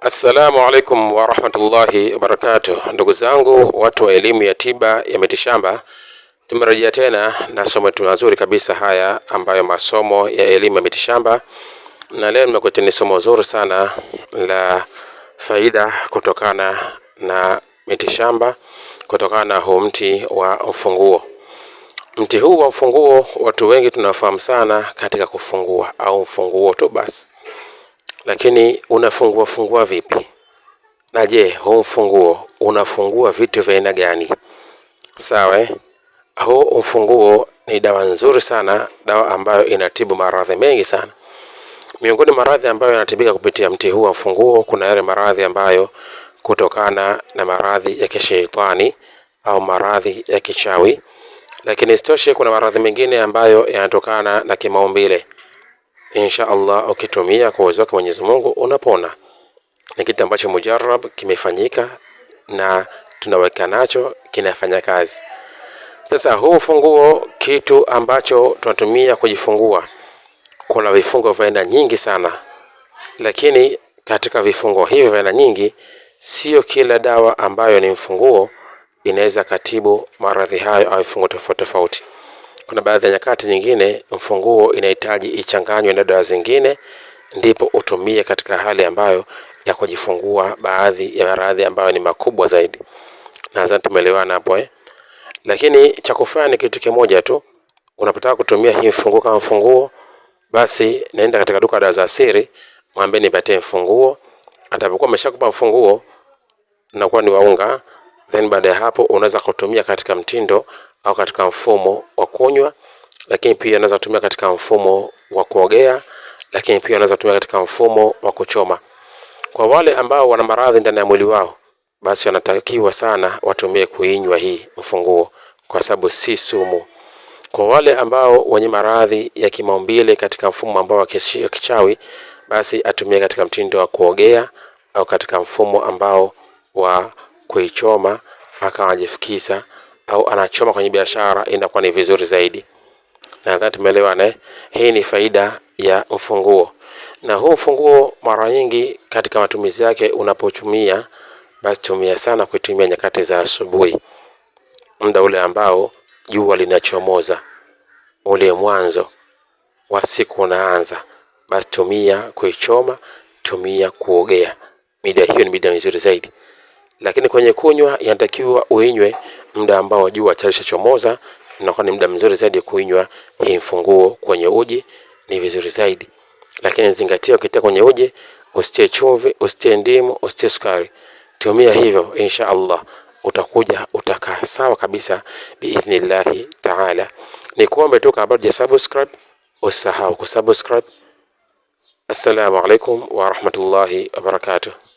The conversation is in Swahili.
Assalamu alaikum warahmatullahi wabarakatuh, ndugu zangu watu wa elimu ya tiba ya mitishamba, tumerejea tena na somo letu mazuri kabisa haya ambayo masomo ya elimu ya mitishamba, na leo nimekuletea ni somo zuri sana la faida kutokana na mitishamba, kutokana na huu mti wa mfunguo. Mti huu wa mfunguo watu wengi tunafahamu sana katika kufungua au mfunguo tu basi lakini unafungua fungua vipi? Na je, huu mfunguo unafungua vitu vya aina gani? Sawa, eh? Huu mfunguo ni dawa nzuri sana, dawa ambayo inatibu maradhi mengi sana. Miongoni maradhi ambayo yanatibika kupitia mti huu wa mfunguo, kuna yale maradhi ambayo kutokana na maradhi ya kishetani au maradhi ya kichawi, lakini isitoshe kuna maradhi mengine ambayo yanatokana na kimaumbile insha Allah ukitumia kwa uwezo wake Mwenyezi Mungu unapona. Ni kitu ambacho mujarab kimefanyika na tunaweka nacho kinafanya kazi. Sasa huu funguo, kitu ambacho tunatumia kujifungua, kuna vifungo vya aina nyingi sana, lakini katika vifungo hivi vya aina nyingi, sio kila dawa ambayo ni mfunguo inaweza katibu maradhi hayo au vifungo tofauti tofauti. Kuna baadhi ya nyakati nyingine mfunguo inahitaji ichanganywe na dawa zingine, ndipo utumie katika hali ambayo ya kujifungua baadhi ya maradhi ambayo ni makubwa zaidi. Nadhani tumeelewana hapo eh? Lakini cha kufanya ni kitu kimoja tu, unapotaka kutumia hii mfunguo kama mfunguo, basi naenda katika duka dawa za asili, mwambie nipatie mfunguo. Atakapokuwa ameshakupa mfunguo, na kuwa ni waunga, then baada ya hapo unaweza kutumia katika mtindo au katika mfumo wa kunywa, lakini pia unaweza kutumia katika mfumo wa kuogea, lakini pia unaweza kutumia katika mfumo wa kuchoma. Kwa wale ambao wana maradhi ndani ya mwili wao, basi wanatakiwa sana watumie kuinywa hii mfunguo, kwa sababu si sumu. Kwa wale ambao wenye maradhi ya kimaumbile katika mfumo ambao wa kichawi, basi atumie katika mtindo wa kuogea au katika mfumo ambao wa kuichoma akawa au anachoma kwenye biashara inakuwa ni vizuri zaidi. Nadhani tumeelewana Hii ni faida ya ufunguo, na huu ufunguo mara nyingi katika matumizi yake unapotumia, basi tumia sana kuitumia nyakati za asubuhi, muda ule ambao jua linachomoza, ule mwanzo wa siku unaanza, basi tumia kuichoma, tumia kuogea. Mida hiyo ni mida mizuri zaidi, lakini kwenye kunywa, inatakiwa uinywe muda ambao jua tayari lishachomoza, unakuwa ni muda mzuri zaidi kuinywa hii mfunguo kwenye uji, ni vizuri zaidi. Lakini zingatia, ukitia kwenye uji usitie chumvi, usitie ndimu, usitie sukari. Tumia hivyo, insha Allah utakuja utakaa sawa kabisa biidhnillahi taala. Ni kuombe tu kabla ya subscribe, usahau kusubscribe. Assalamu alaikum wa rahmatullahi wa barakatuh.